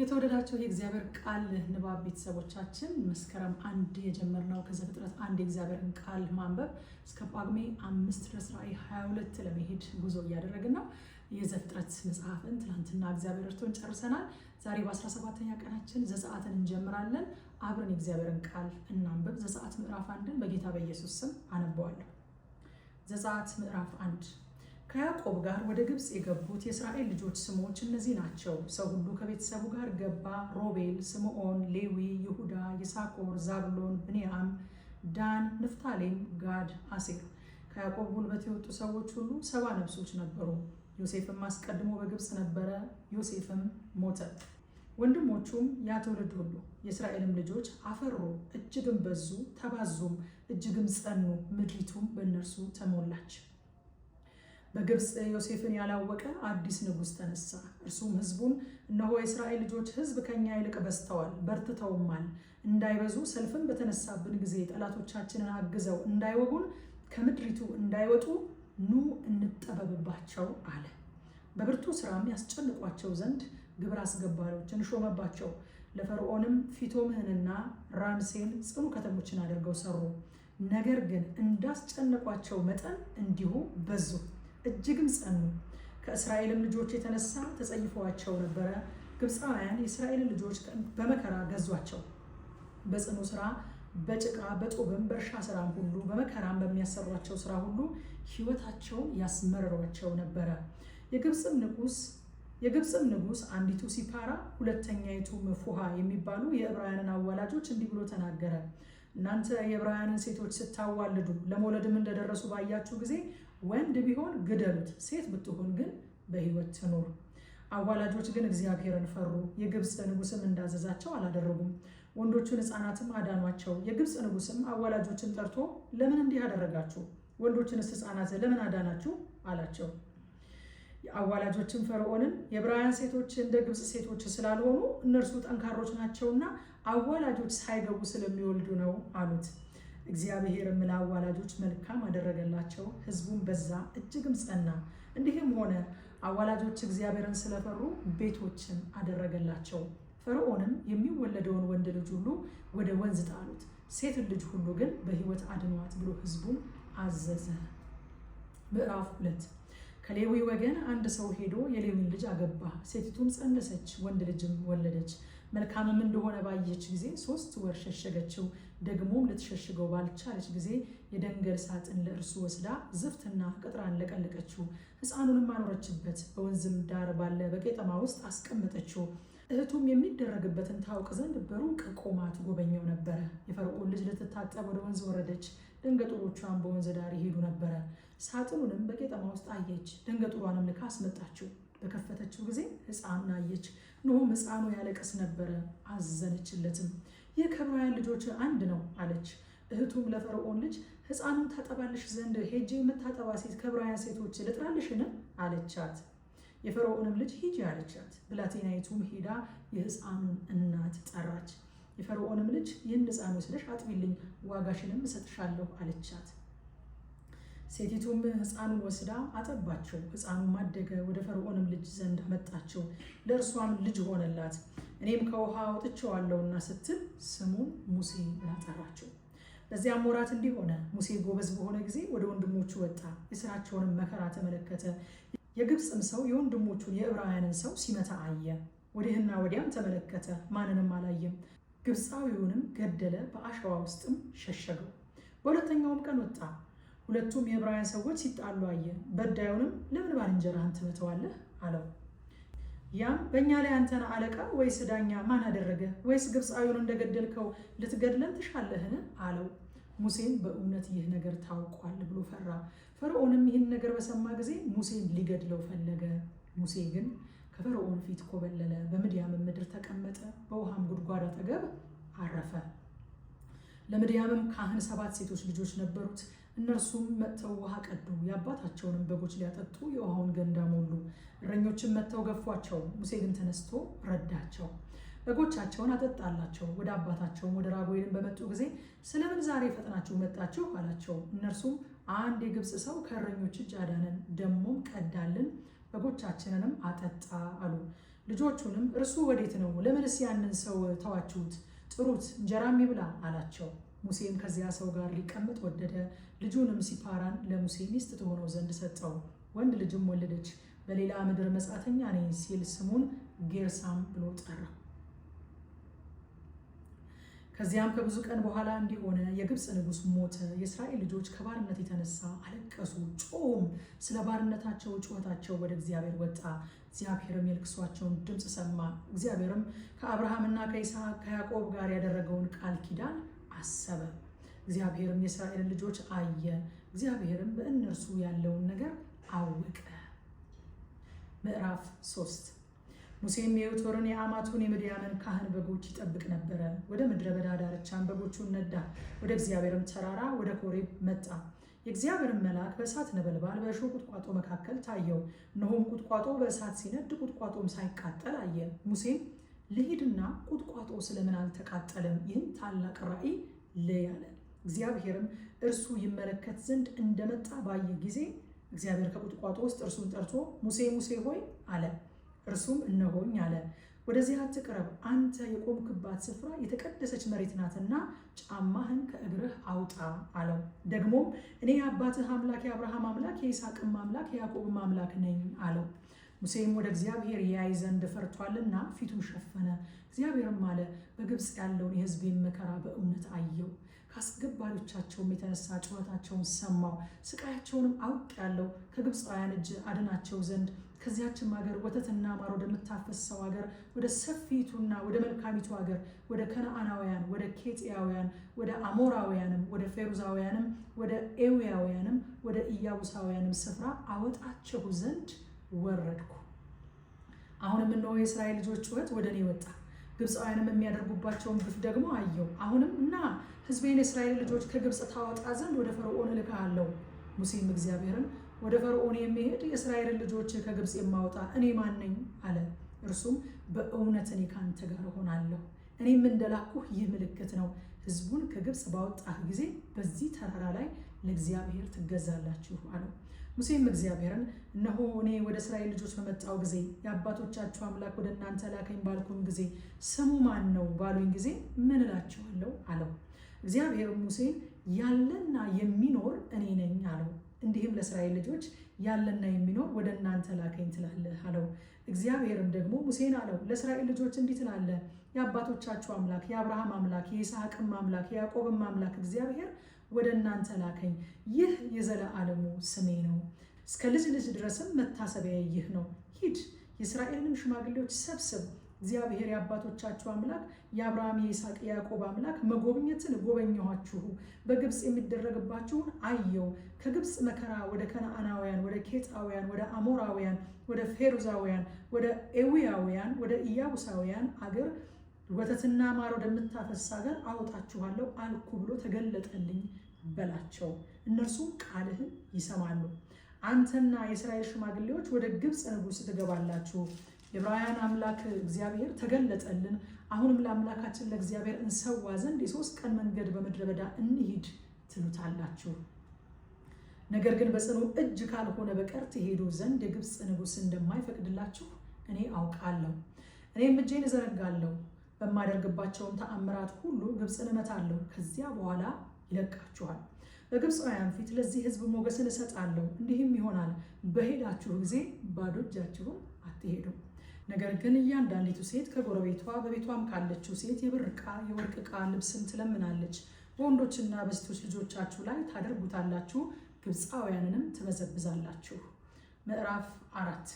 የተወደዳቸው የእግዚአብሔር ቃል ንባብ ቤተሰቦቻችን መስከረም አንድ የጀመርነው ከዘፍጥረት አንድ የእግዚአብሔርን ቃል ማንበብ እስከ ጳጉሜ አምስት ድረስ ራዕይ 22 ለመሄድ ጉዞ እያደረግን ነው። የዘፍጥረት መጽሐፍን ትናንትና እግዚአብሔር እርቶን ጨርሰናል። ዛሬ በ17ኛ ቀናችን ዘፀአትን እንጀምራለን። አብረን የእግዚአብሔርን ቃል እናንበብ። ዘፀአት ምዕራፍ አንድን በጌታ በኢየሱስ ስም አነበዋለሁ። ዘፀአት ምዕራፍ አንድ ከያዕቆብ ጋር ወደ ግብፅ የገቡት የእስራኤል ልጆች ስሞች እነዚህ ናቸው። ሰው ሁሉ ከቤተሰቡ ጋር ገባ። ሮቤል፣ ስምዖን፣ ሌዊ፣ ይሁዳ፣ ይሳኮር፣ ዛብሎን፣ ብንያም፣ ዳን፣ ንፍታሌም፣ ጋድ፣ አሴር። ከያዕቆብ ጉልበት የወጡ ሰዎች ሁሉ ሰባ ነፍሶች ነበሩ። ዮሴፍም አስቀድሞ በግብፅ ነበረ። ዮሴፍም ሞተ። ወንድሞቹም ያትውልድ ሁሉ የእስራኤልም ልጆች አፈሩ፣ እጅግም በዙ፣ ተባዙም፣ እጅግም ጸኑ። ምድሪቱም በእነርሱ ተሞላች። በግብፅ ዮሴፍን ያላወቀ አዲስ ንጉሥ ተነሳ። እርሱም ህዝቡን እነሆ የእስራኤል ልጆች ህዝብ ከኛ ይልቅ በዝተዋል፣ በርትተውማል። እንዳይበዙ ሰልፍን በተነሳብን ጊዜ ጠላቶቻችንን አግዘው እንዳይወጉን ከምድሪቱ እንዳይወጡ ኑ እንጠበብባቸው አለ። በብርቱ ስራም ያስጨንቋቸው ዘንድ ግብር አስገባሪዎችን ሾመባቸው። ለፈርዖንም ፊቶምህንና ራምሴን ጽኑ ከተሞችን አድርገው ሰሩ። ነገር ግን እንዳስጨነቋቸው መጠን እንዲሁ በዙ። እጅግም ጸኑ። ከእስራኤልም ልጆች የተነሳ ተጸይፈዋቸው ነበረ። ግብፃውያን የእስራኤልን ልጆች በመከራ ገዟቸው። በጽኑ ስራ፣ በጭቃ በጡብም በእርሻ ስራም ሁሉ በመከራም በሚያሰሯቸው ስራ ሁሉ ህይወታቸው ያስመረሯቸው ነበረ። የግብፅም ንጉስ የግብፅም ንጉስ አንዲቱ ሲፓራ ሁለተኛይቱ ፉሃ የሚባሉ የዕብራውያንን አዋላጆች እንዲህ ብሎ ተናገረ። እናንተ የዕብራውያንን ሴቶች ስታዋልዱ ለመውለድም እንደደረሱ ባያችሁ ጊዜ ወንድ ቢሆን ግደሉት፣ ሴት ብትሆን ግን በህይወት ትኖር። አዋላጆች ግን እግዚአብሔርን ፈሩ፣ የግብፅ ንጉስም እንዳዘዛቸው አላደረጉም። ወንዶቹን ህፃናትም አዳኗቸው። የግብፅ ንጉስም አዋላጆችን ጠርቶ ለምን እንዲህ አደረጋችሁ? ወንዶችንስ ህፃናት ለምን አዳናችሁ? አላቸው። አዋላጆችን ፈርዖንን የዕብራውያን ሴቶች እንደ ግብፅ ሴቶች ስላልሆኑ እነርሱ ጠንካሮች ናቸውና አዋላጆች ሳይገቡ ስለሚወልዱ ነው አሉት። እግዚአብሔርም ለአዋላጆች መልካም አደረገላቸው፣ ህዝቡም በዛ እጅግም ጸና። እንዲህም ሆነ አዋላጆች እግዚአብሔርን ስለፈሩ ቤቶችን አደረገላቸው። ፈርዖንም የሚወለደውን ወንድ ልጅ ሁሉ ወደ ወንዝ ጣሉት፣ ሴት ልጅ ሁሉ ግን በህይወት አድኗት ብሎ ህዝቡን አዘዘ። ምዕራፍ ሁለት ከሌዊ ወገን አንድ ሰው ሄዶ የሌዊን ልጅ አገባ። ሴቲቱም ጸነሰች፣ ወንድ ልጅም ወለደች። መልካምም እንደሆነ ባየች ጊዜ ሶስት ወር ሸሸገችው። ደግሞም ልትሸሽገው ባልቻለች ጊዜ የደንገል ሳጥን ለእርሱ ወስዳ ዝፍትና ቅጥራን ለቀለቀችው፣ ሕፃኑንም አኖረችበት፣ በወንዝም ዳር ባለ በቄጠማ ውስጥ አስቀመጠችው። እህቱም የሚደረግበትን ታውቅ ዘንድ በሩቅ ቆማ ትጎበኘው ነበረ። የፈርዖን ልጅ ልትታጠብ ወደ ወንዝ ወረደች። ደንገጡሮቿን በወንዝ ዳር ይሄዱ ነበረ። ሳጥኑንም በቄጠማ ውስጥ አየች። ደንገጡሯንም ልካ አስመጣችው። በከፈተችው ጊዜ ሕፃኑን አየች። እነሆም ሕፃኑ ያለቅስ ነበረ። አዘነችለትም። የከብራውያን ልጆች አንድ ነው አለች። እህቱም ለፈርዖን ልጅ ሕፃኑን ታጠባልሽ ዘንድ ሄጄ የምታጠባ ሴት ከብራውያን ሴቶች ልጥራልሽን አለቻት። የፈርዖንም ልጅ ሂጂ አለቻት። ብላቴናይቱም ሄዳ የሕፃኑን እናት ጠራች። የፈርዖንም ልጅ ይህን ሕፃን ወስደሽ አጥቢልኝ፣ ዋጋሽንም እሰጥሻለሁ አለቻት። ሴቲቱም ሕፃኑን ወስዳ አጠባቸው። ሕፃኑም አደገ፣ ወደ ፈርዖንም ልጅ ዘንድ አመጣቸው፣ ለእርሷም ልጅ ሆነላት። እኔም ከውሃ አውጥቼዋለሁና ስትል ስሙን ሙሴ ብላ ጠራችው። በዚያም ወራት እንዲህ ሆነ፣ ሙሴ ጎበዝ በሆነ ጊዜ ወደ ወንድሞቹ ወጣ፣ የስራቸውንም መከራ ተመለከተ። የግብፅም ሰው የወንድሞቹን የዕብራውያንን ሰው ሲመታ አየ። ወዲህና ወዲያም ተመለከተ፣ ማንንም አላየም። ግብፃዊውንም ገደለ፣ በአሸዋ ውስጥም ሸሸገው። በሁለተኛውም ቀን ወጣ፣ ሁለቱም የዕብራውያን ሰዎች ሲጣሉ አየ። በዳዩንም ለምን ባልንጀራህን ትመተዋለህ አለው። ያም በእኛ ላይ አንተና አለቃ ወይስ ዳኛ ማን አደረገ? ወይስ ግብፃዊውን እንደገደልከው ልትገድለን ትሻለህን? አለው። ሙሴም በእውነት ይህ ነገር ታውቋል ብሎ ፈራ። ፈርዖንም ይህን ነገር በሰማ ጊዜ ሙሴን ሊገድለው ፈለገ። ሙሴ ግን ከፈርዖን ፊት ኮበለለ፣ በምድያም ምድር ተቀመጠ፣ በውሃም ጉድጓድ አጠገብ አረፈ። ለምድያምም ካህን ሰባት ሴቶች ልጆች ነበሩት። እነርሱም መጥተው ውሃ ቀዱ፣ የአባታቸውንም በጎች ሊያጠጡ የውሃውን ገንዳ ሞሉ። እረኞችም መጥተው ገፏቸው፣ ሙሴ ግን ተነስቶ ረዳቸው፣ በጎቻቸውን አጠጣላቸው። ወደ አባታቸውም ወደ ራጉኤልን በመጡ ጊዜ ስለምን ዛሬ ፈጥናችሁ መጣችሁ አላቸው። እነርሱም አንድ የግብፅ ሰው ከእረኞች እጅ አዳነን፣ ደሞም ቀዳልን፣ በጎቻችንንም አጠጣ አሉ። ልጆቹንም እርሱ ወዴት ነው? ለምንስ ያንን ሰው ተዋችሁት? ጥሩት፣ እንጀራም ይብላ አላቸው። ሙሴም ከዚያ ሰው ጋር ሊቀመጥ ወደደ። ልጁንም ሲፓራን ለሙሴ ሚስት ትሆነው ዘንድ ሰጠው። ወንድ ልጅም ወለደች። በሌላ ምድር መጻተኛ ነኝ ሲል ስሙን ጌርሳም ብሎ ጠራ። ከዚያም ከብዙ ቀን በኋላ እንዲሆነ የግብፅ ንጉሥ ሞተ። የእስራኤል ልጆች ከባርነት የተነሳ አለቀሱ፣ ጮሁም። ስለ ባርነታቸው ጩኸታቸው ወደ እግዚአብሔር ወጣ። እግዚአብሔርም የልቅሷቸውን ድምፅ ሰማ። እግዚአብሔርም ከአብርሃምና ከይስሐቅ ከያዕቆብ ጋር ያደረገውን ቃል ኪዳን አሰበ። እግዚአብሔርም የእስራኤልን ልጆች አየ፣ እግዚአብሔርም በእነርሱ ያለውን ነገር አወቀ። ምዕራፍ 3 ሙሴም የዮቶርን የአማቱን የምድያምን ካህን በጎች ይጠብቅ ነበረ። ወደ ምድረ በዳ ዳርቻን በጎቹን ነዳ፣ ወደ እግዚአብሔርም ተራራ ወደ ኮሬብ መጣ። የእግዚአብሔርን መልአክ በእሳት ነበልባል በእሾህ ቁጥቋጦ መካከል ታየው። እነሆም ቁጥቋጦ በእሳት ሲነድ ቁጥቋጦም ሳይቃጠል አየ። ሙሴም ልሂድና ቁጥቋጦ ስለምን አልተቃጠለም? ይህን ታላቅ ራእይ ልይ አለ። እግዚአብሔርም እርሱ ይመለከት ዘንድ እንደመጣ ባየ ጊዜ እግዚአብሔር ከቁጥቋጦ ውስጥ እርሱን ጠርቶ ሙሴ ሙሴ ሆይ አለ። እርሱም እነሆኝ አለ። ወደዚህ አትቅረብ፣ አንተ የቆምክባት ስፍራ የተቀደሰች መሬት ናትና ጫማህን ከእግርህ አውጣ አለው። ደግሞም እኔ የአባትህ አምላክ የአብርሃም አምላክ የይስሐቅም አምላክ የያዕቆብም አምላክ ነኝ አለው። ሙሴም ወደ እግዚአብሔር ያይ ዘንድ ፈርቷልና ፊቱን ሸፈነ። እግዚአብሔርም አለ፣ በግብፅ ያለውን የሕዝቤን መከራ በእውነት አየው። ከአስገባሪዎቻቸውም የተነሳ ጩኸታቸውን ሰማው፣ ስቃያቸውንም አውቅ ያለው ከግብፃውያን እጅ አድናቸው ዘንድ ከዚያችም ሀገር ወተትና ማር ወደምታፈሰው ሀገር ወደ ሰፊቱና ወደ መልካሚቱ ሀገር ወደ ከነአናውያን፣ ወደ ኬጥያውያን፣ ወደ አሞራውያንም፣ ወደ ፌሩዛውያንም፣ ወደ ኤውያውያንም ወደ ኢያቡሳውያንም ስፍራ አወጣቸው ዘንድ ወረድኩ። አሁንም እነሆ የእስራኤል ልጆች ጩኸት ወደ እኔ ወጣ፣ ግብፃውያንም የሚያደርጉባቸውን ግፍ ደግሞ አየው። አሁንም እና ሕዝቤን የእስራኤል ልጆች ከግብፅ ታወጣ ዘንድ ወደ ፈርዖን እልክሃለሁ። ሙሴም እግዚአብሔርን ወደ ፈርዖን የሚሄድ የእስራኤልን ልጆች ከግብፅ የማወጣ እኔ ማን ነኝ? አለ። እርሱም በእውነት እኔ ካንተ ጋር እሆናለሁ፣ እኔም እንደላኩህ ይህ ምልክት ነው፣ ሕዝቡን ከግብፅ ባወጣህ ጊዜ በዚህ ተራራ ላይ ለእግዚአብሔር ትገዛላችሁ አለው። ሙሴም እግዚአብሔርን እነሆ እኔ ወደ እስራኤል ልጆች በመጣው ጊዜ የአባቶቻችሁ አምላክ ወደ እናንተ ላከኝ ባልኩን ጊዜ ስሙ ማን ነው ባሉኝ ጊዜ ምን እላችኋለሁ አለው። እግዚአብሔር ሙሴን ያለና የሚኖር እኔ ነኝ አለው። እንዲህም ለእስራኤል ልጆች ያለና የሚኖር ወደ እናንተ ላከኝ ትላለህ አለው። እግዚአብሔርም ደግሞ ሙሴን አለው ለእስራኤል ልጆች እንዲህ ትላለህ የአባቶቻችሁ አምላክ የአብርሃም አምላክ የይስሐቅም አምላክ የያዕቆብም አምላክ እግዚአብሔር ወደ እናንተ ላከኝ። ይህ የዘለዓለሙ ስሜ ነው፣ እስከ ልጅ ልጅ ድረስም መታሰቢያ ይህ ነው። ሂድ የእስራኤልንም ሽማግሌዎች ሰብስብ እግዚአብሔር የአባቶቻችሁ አምላክ የአብርሃም የይስሐቅ የያዕቆብ አምላክ መጎብኘትን ጎበኘኋችሁ፣ በግብፅ የሚደረግባችሁን አየው። ከግብፅ መከራ ወደ ከነአናውያን፣ ወደ ኬጣውያን፣ ወደ አሞራውያን፣ ወደ ፌሩዛውያን፣ ወደ ኤዊያውያን፣ ወደ ኢያቡሳውያን አገር ወተትና ማር ወደምታፈስ አገር አውጣችኋለሁ አልኩ ብሎ ተገለጠልኝ በላቸው። እነርሱም ቃልህን ይሰማሉ። አንተና የእስራኤል ሽማግሌዎች ወደ ግብፅ ንጉሥ ትገባላችሁ የዕብራውያን አምላክ እግዚአብሔር ተገለጠልን። አሁንም ለአምላካችን ለእግዚአብሔር እንሰዋ ዘንድ የሶስት ቀን መንገድ በምድረ በዳ እንሂድ ትሉታላችሁ። ነገር ግን በጽኑ እጅ ካልሆነ በቀር ትሄዱ ዘንድ የግብፅ ንጉሥ እንደማይፈቅድላችሁ እኔ አውቃለሁ። እኔም እጄን እዘረጋለሁ፣ በማደርግባቸውም ተአምራት ሁሉ ግብፅን እመታለሁ። ከዚያ በኋላ ይለቃችኋል። በግብፃውያን ፊት ለዚህ ሕዝብ ሞገስን እሰጣለሁ። እንዲህም ይሆናል፣ በሄዳችሁ ጊዜ ባዶ እጃችሁን አትሄዱም። ነገር ግን እያንዳንዲቱ ሴት ከጎረቤቷ በቤቷም ካለችው ሴት የብር ዕቃ፣ የወርቅ ዕቃ፣ ልብስን ትለምናለች። በወንዶችና በሴቶች ልጆቻችሁ ላይ ታደርጉታላችሁ፣ ግብፃውያንንም ትበዘብዛላችሁ። ምዕራፍ አራት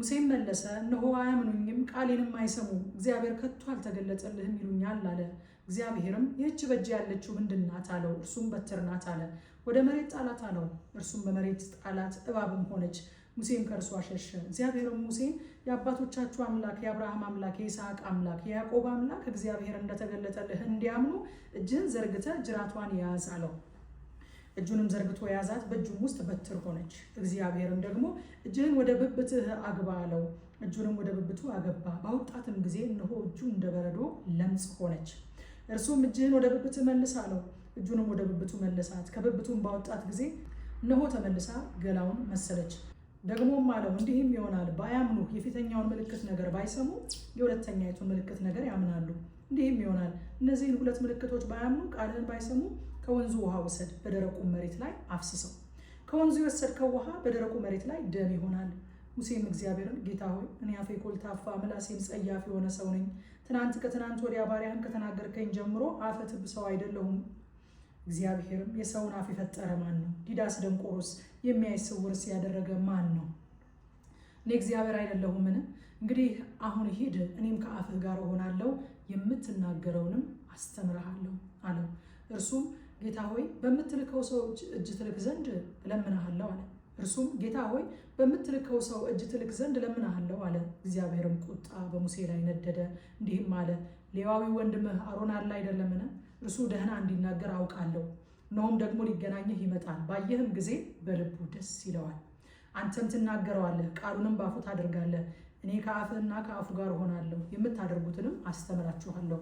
ሙሴም መለሰ፣ እነሆ አያምኑኝም፣ ቃሌንም አይሰሙም፣ እግዚአብሔር ከቶ አልተገለጠልህም ይሉኛል አለ። እግዚአብሔርም ይህች በእጅ ያለችው ምንድን ናት አለው። እርሱም በትር ናት አለ። ወደ መሬት ጣላት አለው። እርሱም በመሬት ጣላት፣ እባብም ሆነች። ሙሴም ከእርሱ አሸሸ እግዚአብሔርም ሙሴን የአባቶቻችሁ አምላክ የአብርሃም አምላክ የይስሐቅ አምላክ የያዕቆብ አምላክ እግዚአብሔር እንደተገለጠልህ እንዲያምኑ እጅህን ዘርግተ ጅራቷን ያዝ አለው። እጁንም ዘርግቶ የያዛት በእጁም ውስጥ በትር ሆነች። እግዚአብሔርም ደግሞ እጅህን ወደ ብብትህ አግባ አለው። እጁንም ወደ ብብቱ አገባ። በወጣትም ጊዜ እነሆ እጁ እንደ በረዶ ለምጽ ሆነች። እርሱም እጅህን ወደ ብብትህ መልስ አለው። እጁንም ወደ ብብቱ መለሳት። ከብብቱም ባወጣት ጊዜ እነሆ ተመልሳ ገላውን መሰለች። ደግሞም አለው እንዲህም ይሆናል፣ ባያምኑ የፊተኛውን ምልክት ነገር ባይሰሙ የሁለተኛይቱን ምልክት ነገር ያምናሉ። እንዲህም ይሆናል፣ እነዚህን ሁለት ምልክቶች ባያምኑ ቃልህን ባይሰሙ ከወንዙ ውሃ ውሰድ፣ በደረቁ መሬት ላይ አፍስሰው። ከወንዙ የወሰድከው ውሃ በደረቁ መሬት ላይ ደም ይሆናል። ሙሴም እግዚአብሔርን ጌታ ሆይ እኔ አፌ ኮልታፋ ምላሴም ጸያፍ የሆነ ሰው ነኝ። ትናንት ከትናንት ወዲያ ባሪያህን ከተናገርከኝ ጀምሮ አፈ ትብ ሰው አይደለሁም እግዚአብሔርም የሰውን አፍ የፈጠረ ማን ነው? ዲዳስ ደንቆሮስ የሚያይስውርስ ያደረገ ማን ነው? እኔ እግዚአብሔር አይደለሁምን? እንግዲህ አሁን ሂድ፣ እኔም ከአፍህ ጋር እሆናለሁ፣ የምትናገረውንም አስተምረሃለሁ አለው። እርሱም ጌታ ሆይ በምትልከው ሰው እጅ ትልክ ዘንድ እለምንሃለሁ አለ። እርሱም ጌታ ሆይ በምትልከው ሰው እጅ ትልክ ዘንድ እለምንሃለሁ አለ። እግዚአብሔርም ቁጣ በሙሴ ላይ ነደደ፣ እንዲህም አለ፦ ሌዋዊ ወንድምህ አሮን አለ አይደለምን? እርሱ ደህና እንዲናገር አውቃለሁ። ነውም ደግሞ ሊገናኝህ ይመጣል፣ ባየህም ጊዜ በልቡ ደስ ይለዋል። አንተም ትናገረዋለህ፣ ቃሉንም በአፉ ታደርጋለህ። እኔ ከአፍህና ከአፉ ጋር እሆናለሁ፣ የምታደርጉትንም አስተምራችኋለሁ።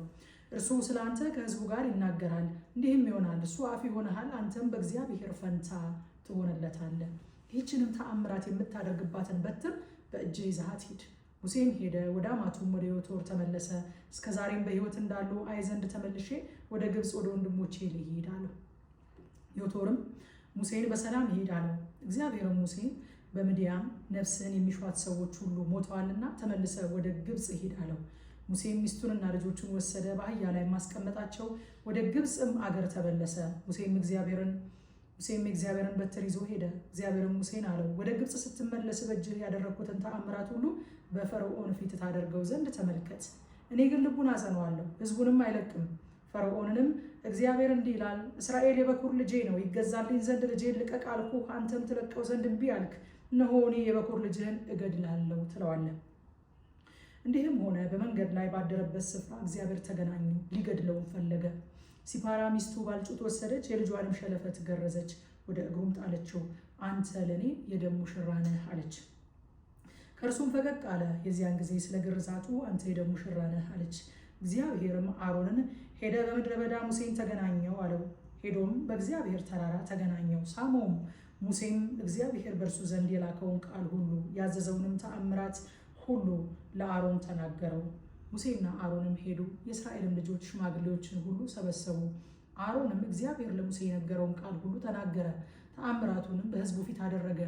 እርሱ ስለ አንተ ከህዝቡ ጋር ይናገራል፣ እንዲህም ይሆናል። እሱ አፍ ይሆንሃል፣ አንተም በእግዚአብሔር ፈንታ ትሆንለታለህ። ይህችንም ተአምራት የምታደርግባትን በትር በእጅህ ይዘሃት ሂድ። ሙሴም ሄደ፣ ወደ አማቱም ወደ ዮቶር ተመለሰ። እስከ ዛሬም በሕይወት እንዳሉ አይ ዘንድ ተመልሼ ወደ ግብፅ ወደ ወንድሞቼ ልሂድ አለው። ዮቶርም ሙሴን በሰላም ይሂድ አለው። እግዚአብሔርም ሙሴን በምድያም ነፍስህን የሚሿት ሰዎች ሁሉ ሞተዋልና ተመልሰ ወደ ግብፅ ሂድ አለው። ሙሴም ሚስቱንና ልጆቹን ወሰደ፣ በአህያ ላይ ማስቀመጣቸው፣ ወደ ግብፅም አገር ተመለሰ። ሙሴም እግዚአብሔርን ሙሴም እግዚአብሔርን በትር ይዞ ሄደ። እግዚአብሔርም ሙሴን አለው፣ ወደ ግብፅ ስትመለስ በእጅህ ያደረግኩትን ተአምራት ሁሉ በፈርዖን ፊት ታደርገው ዘንድ ተመልከት። እኔ ግን ልቡን አጸነዋለሁ፣ ህዝቡንም አይለቅም። ፈርዖንንም እግዚአብሔር እንዲህ ይላል፣ እስራኤል የበኩር ልጄ ነው፣ ይገዛልኝ ዘንድ ልጄን ልቀቅ አልኩ፣ አንተም ትለቀው ዘንድ እምቢ አልክ። እነሆ እኔ የበኩር ልጅህን እገድላለሁ ትለዋለህ። እንዲህም ሆነ፣ በመንገድ ላይ ባደረበት ስፍራ እግዚአብሔር ተገናኘ ሊገድለውም ፈለገ። ሲፓራ ሚስቱ ባልጩት ወሰደች፣ የልጇንም ሸለፈት ገረዘች፣ ወደ እግሩም ጣለችው። አንተ ለእኔ የደም ሙሽራ ነህ አለች። ከእርሱም ፈቀቅ አለ። የዚያን ጊዜ ስለ ግርዛቱ አንተ የደም ሙሽራ ነህ አለች። እግዚአብሔርም አሮንን ሄደ፣ በምድረ በዳ ሙሴን ተገናኘው አለው። ሄዶም በእግዚአብሔር ተራራ ተገናኘው፣ ሳመውም። ሙሴም እግዚአብሔር በእርሱ ዘንድ የላከውን ቃል ሁሉ ያዘዘውንም ተአምራት ሁሉ ለአሮን ተናገረው። ሙሴና አሮንም ሄዱ፣ የእስራኤልም ልጆች ሽማግሌዎችን ሁሉ ሰበሰቡ። አሮንም እግዚአብሔር ለሙሴ የነገረውን ቃል ሁሉ ተናገረ፣ ተአምራቱንም በሕዝቡ ፊት አደረገ።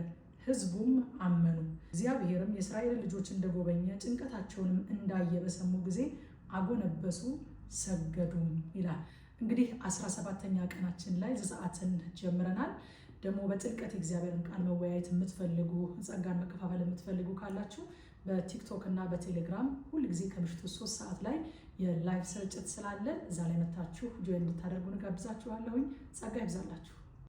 ሕዝቡም አመኑ። እግዚአብሔርም የእስራኤልን ልጆች እንደጎበኘ ጭንቀታቸውንም እንዳየ በሰሙ ጊዜ አጎነበሱ፣ ሰገዱም ይላል። እንግዲህ አስራ ሰባተኛ ቀናችን ላይ ዘፀአትን ጀምረናል። ደግሞ በጥልቀት የእግዚአብሔርን ቃል መወያየት የምትፈልጉ ጸጋን መከፋፈል የምትፈልጉ ካላችሁ በቲክቶክ እና በቴሌግራም ሁልጊዜ ከምሽቱ ሶስት ሰዓት ላይ የላይቭ ስርጭት ስላለ እዛ ላይ መታችሁ ጆይን እንድታደርጉ እንጋብዛችኋለሁኝ። ጸጋ ይብዛላችሁ።